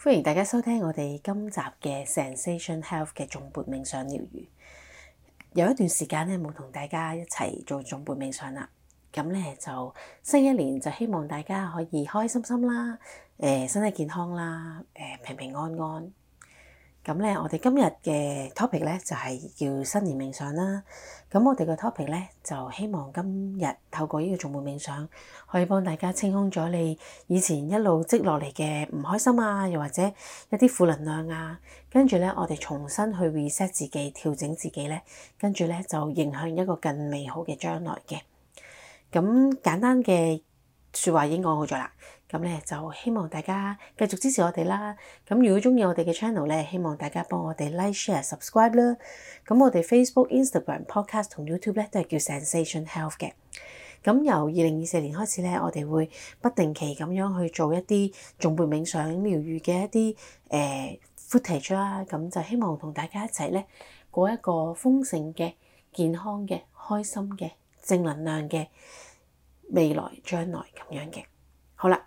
.歡迎大家收聽我哋今集嘅 Zensation Health 嘅頌缽冥想療癒。有一段時間咧冇同大家一齊做頌缽冥想啦，咁咧就新一年就希望大家可以開開心心啦，誒、呃、身體健康啦，誒、呃、平平安安。咁咧，我哋今日嘅 topic 咧就係叫新年冥想啦。咁我哋嘅 topic 咧就希望今日透過呢個重門冥想，可以幫大家清空咗你以前一路積落嚟嘅唔開心啊，又或者一啲負能量啊。跟住咧，我哋重新去 reset 自己，調整自己咧，跟住咧就迎向一個更美好嘅將來嘅。咁簡單嘅説話已經講好咗啦。咁咧就希望大家繼續支持我哋啦。咁如果中意我哋嘅 channel 咧，希望大家幫我哋 like、share、subscribe 啦。咁我哋 Facebook、Instagram、Podcast 同 YouTube 咧都係叫 Zensation Health 嘅。咁由二零二四年開始咧，我哋會不定期咁樣去做一啲頌缽冥想療愈嘅一啲誒 footage 啦。咁就希望同大家一齊咧過一個豐盛嘅、健康嘅、開心嘅、正能量嘅未來、將來咁樣嘅。好啦。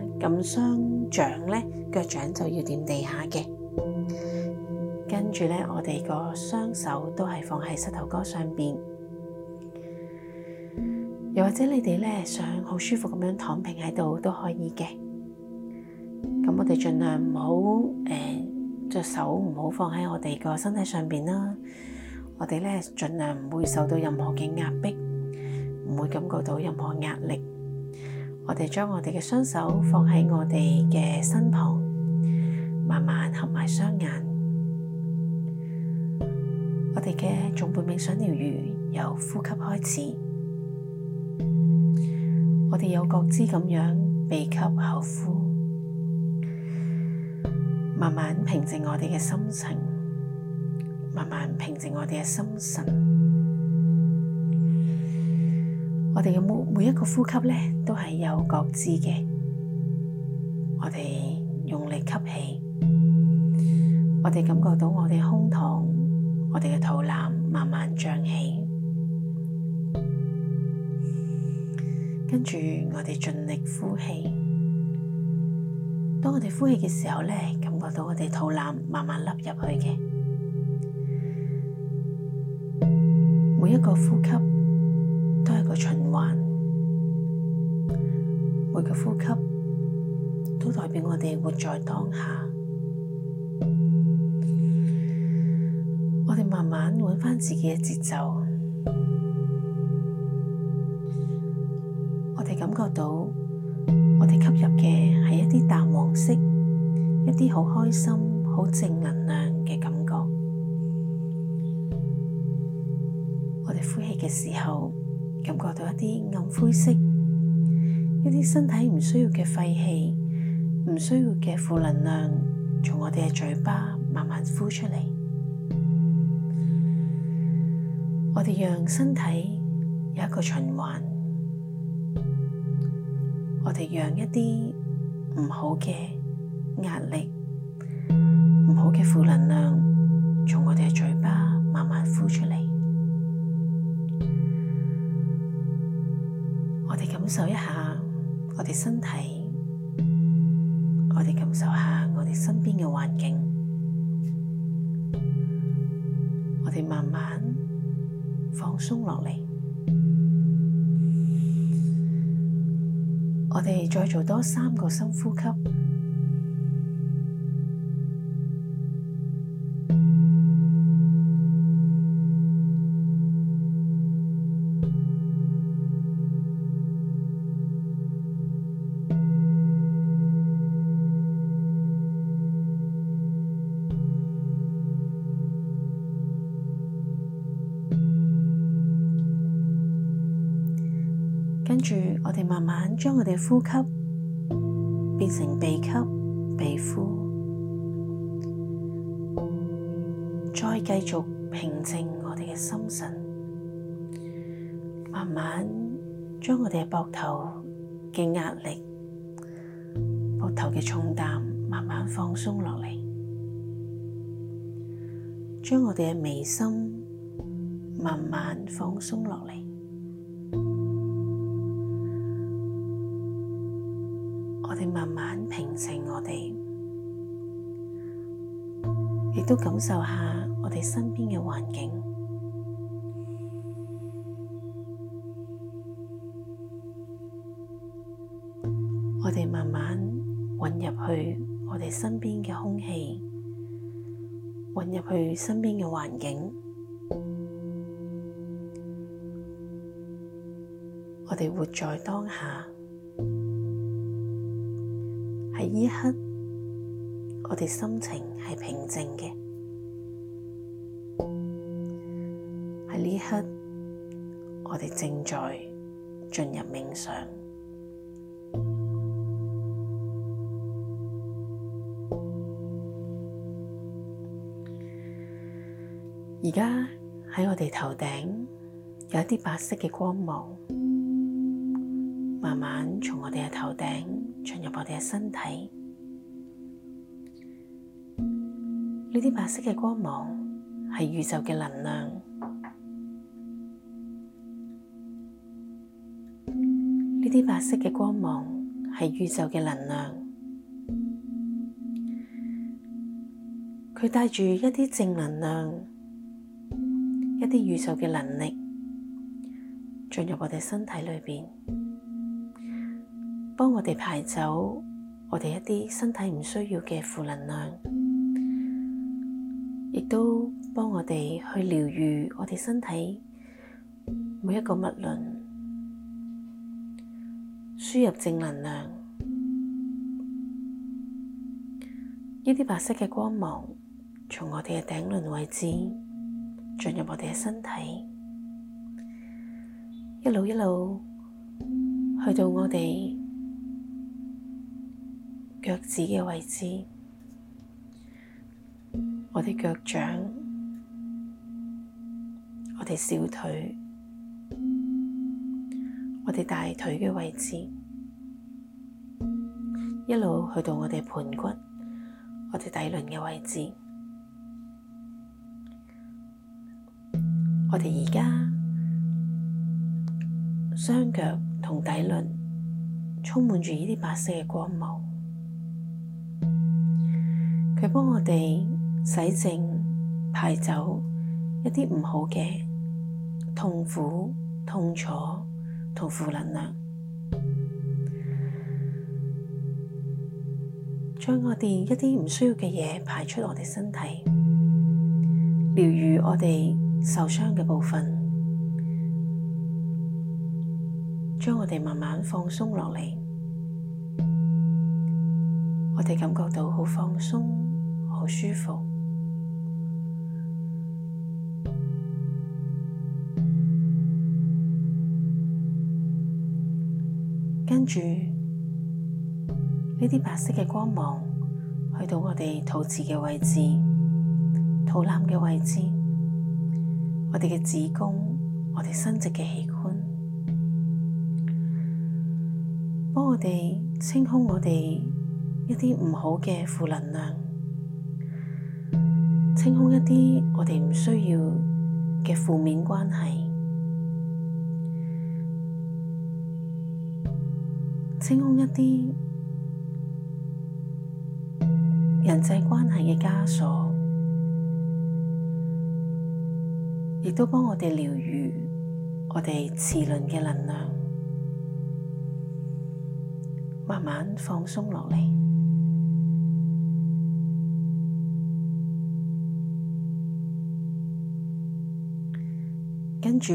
咁雙掌咧，腳掌就要點地下嘅。跟住咧，我哋個雙手都係放喺膝頭哥上邊。又或者你哋咧想好舒服咁樣躺平喺度都可以嘅。咁、呃、我哋儘量唔好誒隻手唔好放喺我哋個身體上邊啦。我哋咧儘量唔會受到任何嘅壓迫，唔會感覺到任何壓力。我哋將我哋嘅雙手放喺我哋嘅身旁，慢慢合埋雙眼。我哋嘅重生冥想療癒由呼吸開始，我哋有覺知咁樣鼻吸口呼，慢慢平靜我哋嘅心情，慢慢平靜我哋嘅心神。我哋嘅每一個呼吸呢，都係有覺知嘅。我哋用力吸氣，我哋感覺到我哋胸膛、我哋嘅肚腩慢慢脹起，跟住我哋盡力呼氣。當我哋呼氣嘅時候咧，感覺到我哋肚腩慢慢凹入去嘅。每一個呼吸。每個呼吸都代表我哋活在當下，我哋慢慢揾翻自己嘅節奏，我哋感覺到我哋吸入嘅係一啲淡黃色，一啲好開心、好正能量嘅感覺。我哋呼氣嘅時候，感覺到一啲暗灰色。呢啲身體唔需要嘅廢氣，唔需要嘅負能量，從我哋嘅嘴巴慢慢呼出嚟。我哋讓身體有一個循環。我哋讓一啲唔好嘅壓力，唔好嘅負能量，從我哋嘅嘴巴慢慢呼出嚟。我哋感受一下。我哋身體，我哋感受下我哋身邊嘅環境，我哋慢慢放鬆落嚟，我哋再做多三個深呼吸。跟住，我哋慢慢將我哋呼吸變成鼻吸鼻呼，再繼續平靜我哋嘅心神，慢慢將我哋嘅膊頭嘅壓力、膊頭嘅重擔慢慢放鬆落嚟，將我哋嘅眉心慢慢放鬆落嚟。亦都感受下我哋身邊嘅環境，我哋慢慢混入去我哋身邊嘅空氣，混入去身邊嘅環境，我哋活在當下，喺呢一刻。我哋心情係平靜嘅，喺呢刻，我哋正在進入冥想。而家喺我哋頭頂有一啲白色嘅光芒，慢慢從我哋嘅頭頂進入我哋嘅身體。呢啲白色嘅光芒係宇宙嘅能量，呢啲白色嘅光芒係宇宙嘅能量，佢帶住一啲正能量，一啲宇宙嘅能力進入我哋身體裏面，幫我哋排走我哋一啲身體唔需要嘅負能量。亦都幫我哋去療愈我哋身體每一個脈輪，輸入正能量。呢啲白色嘅光芒從我哋嘅頂輪位置進入我哋嘅身體，一路一路去到我哋腳趾嘅位置。我哋腳掌，我哋小腿，我哋大腿嘅位置，一路去到我哋盤骨，我哋底輪嘅位置，我哋而家雙腳同底輪充滿住呢啲白色嘅光芒，佢幫我哋。洗淨、排走一啲唔好嘅痛苦、痛楚同負能量，將我哋一啲唔需要嘅嘢排出我哋身體，療愈我哋受傷嘅部分，將我哋慢慢放鬆落嚟，我哋感覺到好放鬆、好舒服。跟住呢啲白色嘅光芒，去到我哋肚臍嘅位置、肚腩嘅位置、我哋嘅子宮、我哋生殖嘅器官，幫我哋清空我哋一啲唔好嘅負能量，清空一啲我哋唔需要嘅負面關係。清空一啲人際關係嘅枷鎖，亦都幫我哋療癒我哋臍輪嘅能量，慢慢放鬆落嚟。跟住，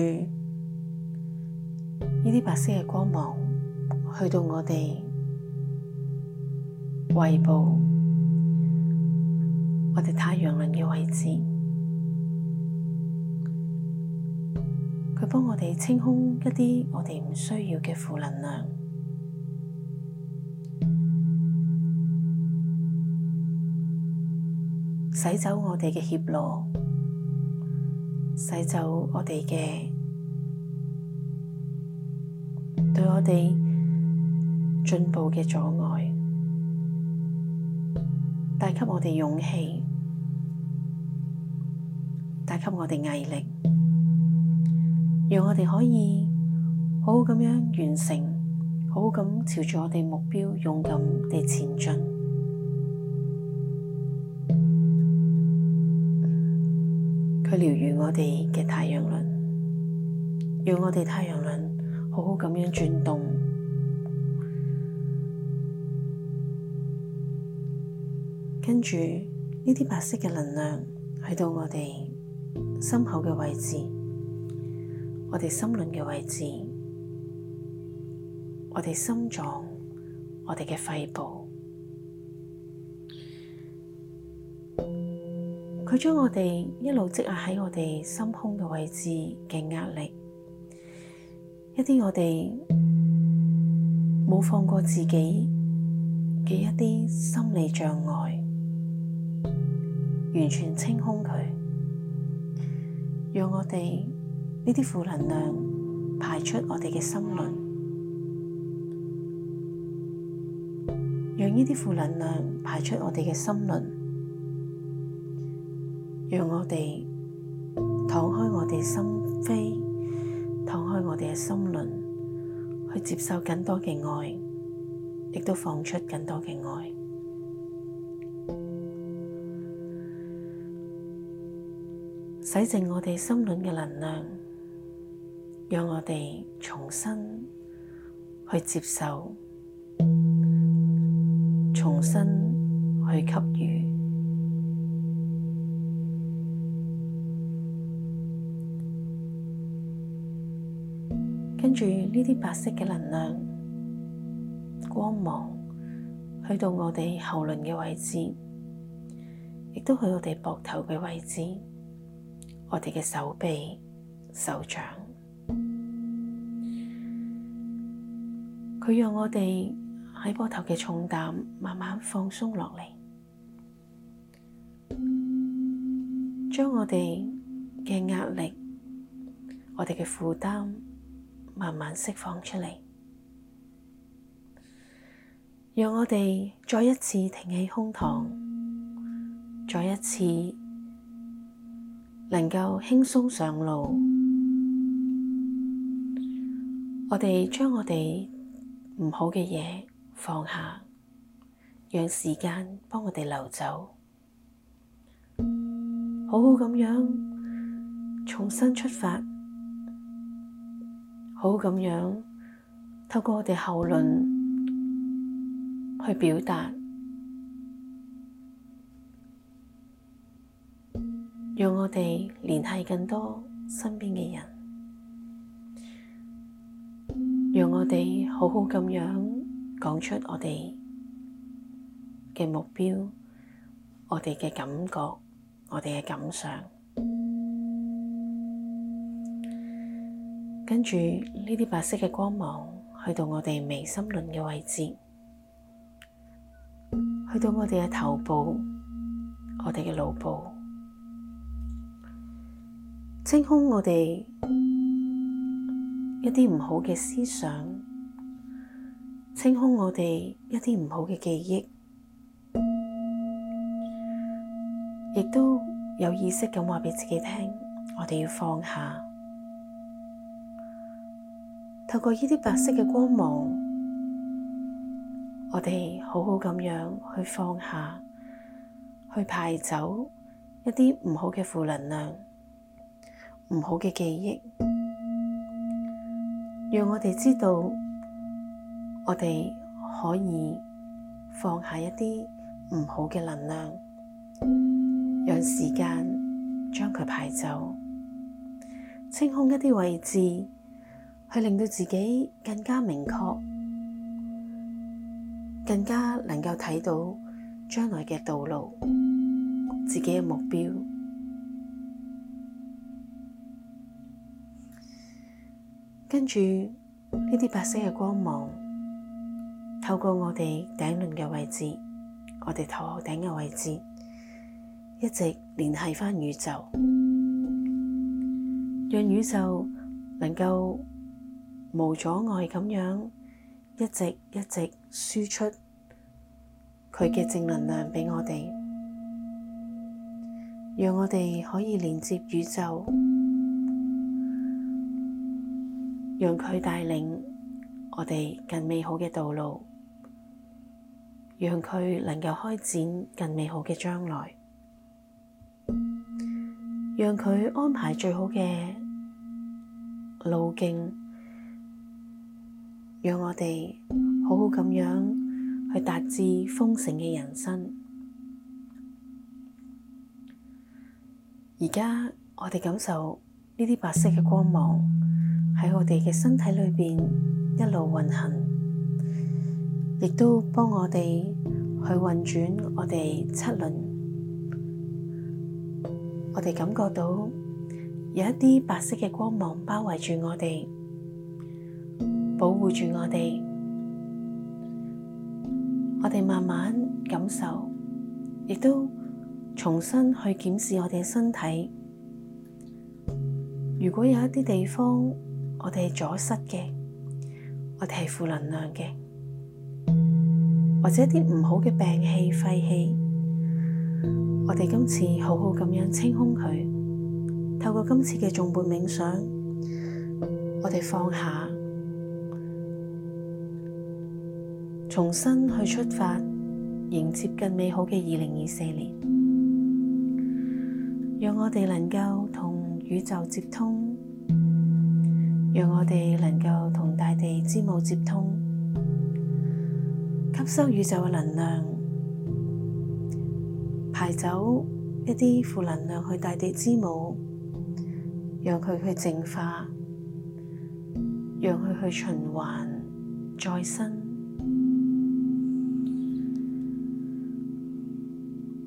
呢啲白色嘅光芒。去到我哋胃部，我哋太陽輪嘅位置，佢幫我哋清空一啲我哋唔需要嘅負能量，洗走我哋嘅怯懦，洗走我哋嘅對我哋。進步嘅阻礙，帶給我哋勇氣，帶給我哋毅力，讓我哋可以好好咁樣完成，好好咁朝住我哋目標勇敢地前進。佢療癒我哋嘅太陽輪，讓我哋太陽輪好好咁樣轉動。跟住呢啲白色嘅能量，去到我哋心口嘅位置，我哋心輪嘅位置，我哋心臟，我哋嘅肺部，佢將我哋一路積壓喺我哋心胸嘅位置嘅壓力，一啲我哋冇放過自己嘅一啲心理障礙。完全清空佢，讓我哋呢啲負能量排出我哋嘅心輪，讓呢啲負能量排出我哋嘅心輪，讓我哋敞開我哋心扉，敞開我哋嘅心輪，去接受更多嘅愛，亦都放出更多嘅愛。洗正我哋心輪嘅能量，讓我哋重新去接受，重新去給予。跟住呢啲白色嘅能量光芒，去到我哋後輪嘅位置，亦都去到我哋膊頭嘅位置。我哋嘅手臂、手掌，佢讓我哋喺膊頭嘅重擔慢慢放鬆落嚟，將我哋嘅壓力、我哋嘅負擔慢慢釋放出嚟，讓我哋再一次挺起胸膛，再一次。能夠輕鬆上路，我哋將我哋唔好嘅嘢放下，讓時間幫我哋流走，好好咁樣重新出發，好好咁樣透過我哋喉嚨去表達。讓我哋聯繫更多身邊嘅人，讓我哋好好咁樣講出我哋嘅目標，我哋嘅感覺，我哋嘅感想。跟住呢啲白色嘅光芒去到我哋眉心輪嘅位置，去到我哋嘅頭部，我哋嘅腦部。清空我哋一啲唔好嘅思想，清空我哋一啲唔好嘅記憶，亦都有意識咁話畀自己聽，我哋要放下。透過呢啲白色嘅光芒，我哋好好咁樣去放下，去排走一啲唔好嘅負能量。唔好嘅記憶，讓我哋知道，我哋可以放下一啲唔好嘅能量，讓時間將佢排走，清空一啲位置，去令到自己更加明確，更加能夠睇到將來嘅道路，自己嘅目標。跟住呢啲白色嘅光芒透過我哋頂輪嘅位置，我哋頭頂嘅位置，一直聯繫返宇宙，讓宇宙能夠無阻礙咁樣一直一直輸出佢嘅正能量畀我哋，讓我哋可以連接宇宙。讓佢帶領我哋更美好嘅道路，讓佢能夠開展更美好嘅將來，讓佢安排最好嘅路徑，讓我哋好好咁樣去達至豐盛嘅人生。而家我哋感受呢啲白色嘅光芒。喺我哋嘅身體裏邊一路運行，亦都幫我哋去運轉我哋七輪。我哋感覺到有一啲白色嘅光芒包圍住我哋，保護住我哋。我哋慢慢感受，亦都重新去檢視我哋嘅身體。如果有一啲地方，我哋係阻塞嘅，我哋係負能量嘅，或者一啲唔好嘅病氣、廢氣，我哋今次好好咁樣清空佢，透過今次嘅頌缽冥想，我哋放下，重新去出發，迎接更美好嘅二零二四年，讓我哋能夠同宇宙接通。讓我哋能夠同大地之母接通，吸收宇宙嘅能量，排走一啲負能量去大地之母，讓佢去淨化，讓佢去循環再生。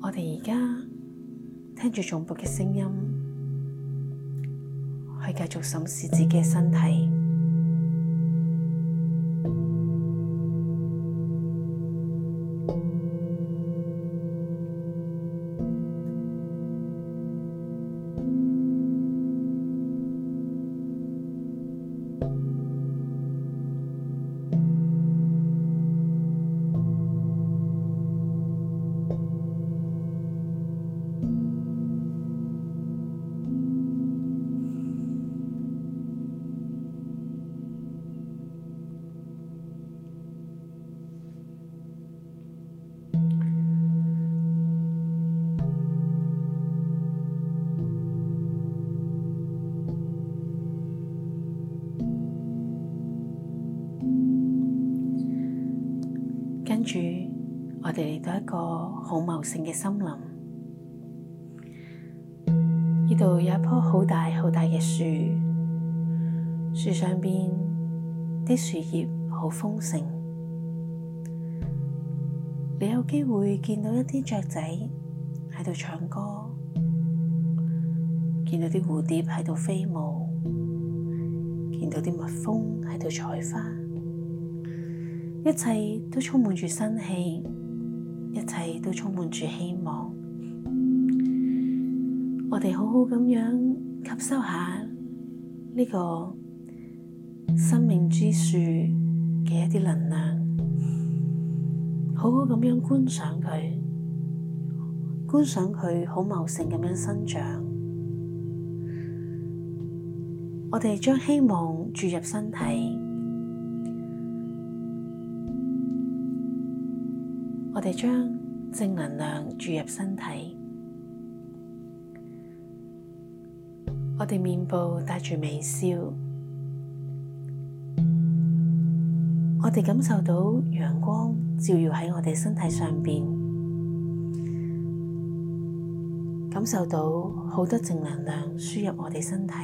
我哋而家聽住重複嘅聲音。繼續審視自己嘅身體。茂盛嘅森林，呢度有一棵好大好大嘅樹，樹上邊啲樹葉好豐盛。你有機會見到一啲雀仔喺度唱歌，見到啲蝴蝶喺度飛舞，見到啲蜜蜂喺度採花，一切都充滿住生氣。一切都充滿住希望，我哋好好咁樣吸收下呢個生命之樹嘅一啲能量，好好咁樣觀賞佢，觀賞佢好茂盛咁樣生長，我哋將希望注入身體。我哋將正能量注入身體，我哋面部帶住微笑，我哋感受到陽光照耀喺我哋身體上面，感受到好多正能量輸入我哋身體，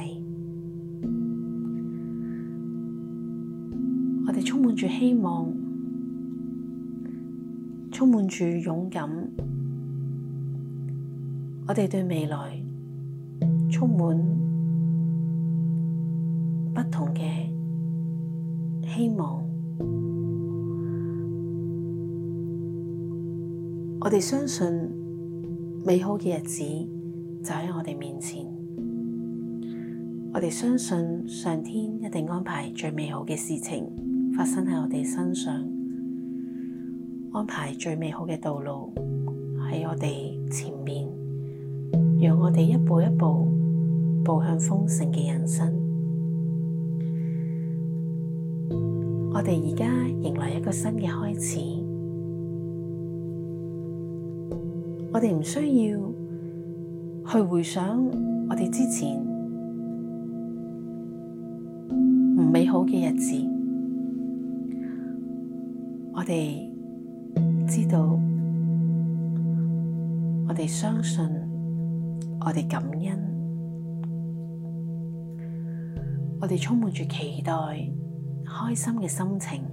我哋充滿住希望。充滿住勇敢，我哋對未來充滿不同嘅希望。我哋相信美好嘅日子就喺我哋面前。我哋相信上天一定安排最美好嘅事情發生喺我哋身上。安排最美好嘅道路喺我哋前面，讓我哋一步一步步向豐盛嘅人生。我哋而家迎來一個新嘅開始，我哋唔需要去回想我哋之前唔美好嘅日子，我哋。知道，我哋相信，我哋感恩，我哋充滿住期待、開心嘅心情，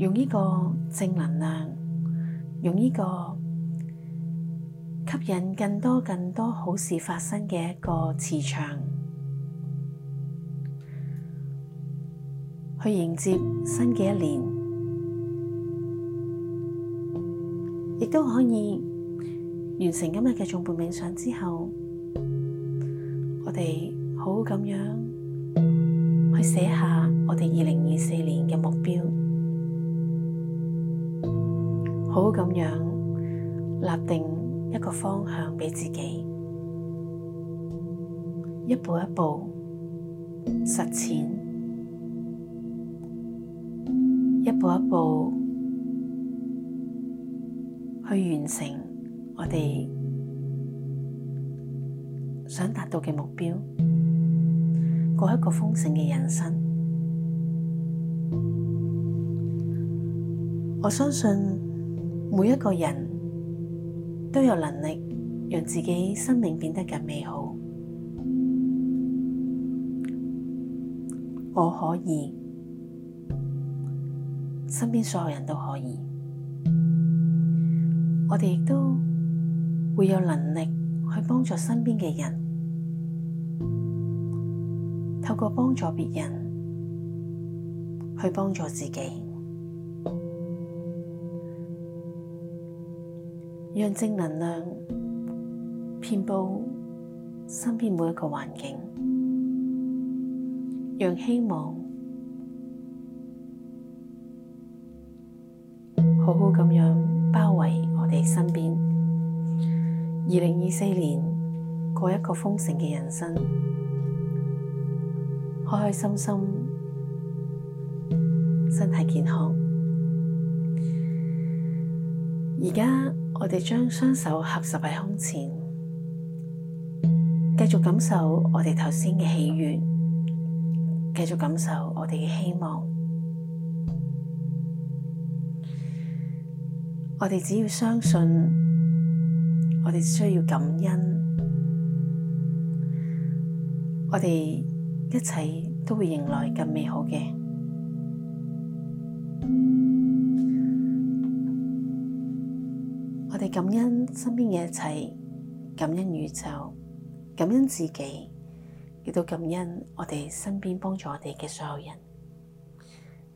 用呢個正能量，用呢個吸引更多更多好事發生嘅一個磁場，去迎接新嘅一年。亦都可以完成今日嘅頌缽冥想之後，我哋好好咁樣去寫下我哋二零二四年嘅目標，好好咁樣立定一個方向畀自己，一步一步實踐，一步一步。去完成我哋想達到嘅目標，過一個豐盛嘅人生。我相信每一個人都有能力讓自己生命變得更美好。我可以，身邊所有人都可以。我哋亦都會有能力去幫助身邊嘅人，透過幫助別人去幫助自己，讓正能量遍布身邊每一個環境，讓希望好好咁樣。二四年過一個豐盛嘅人生，開開心心，身體健康。而家我哋將雙手合十喺胸前，繼續感受我哋頭先嘅喜悅，繼續感受我哋嘅希望。我哋只要相信，我哋需要感恩，我哋一切都會迎來更美好嘅。我哋感恩身邊嘅一切，感恩宇宙，感恩自己，亦都感恩我哋身邊幫助我哋嘅所有人。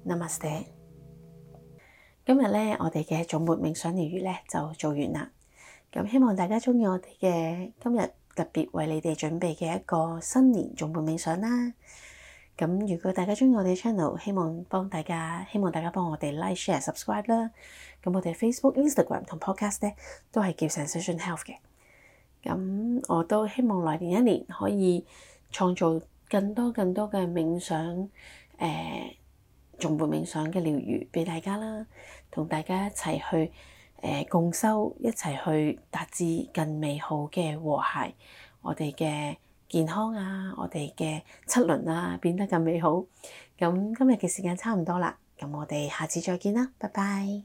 Namaste，今日咧我哋嘅頌缽冥想療愈咧就做完啦。咁希望大家中意我哋嘅今日特別為你哋準備嘅一個新年頌缽冥想啦。咁如果大家中意我哋嘅 channel，希望幫大家，希望大家幫我哋 like、share、subscribe 啦。咁我哋 Facebook、Instagram 同 Podcast 咧，都係叫 Zensation Health 嘅。咁我都希望來年一年可以創造更多更多嘅冥想，誒、呃、頌缽冥想嘅療愈俾大家啦，同大家一齊去。共修一齊去達至更美好嘅和諧，我哋嘅健康啊，我哋嘅七輪啊變得更美好。咁今日嘅時間差唔多啦，咁我哋下次再見啦，拜拜。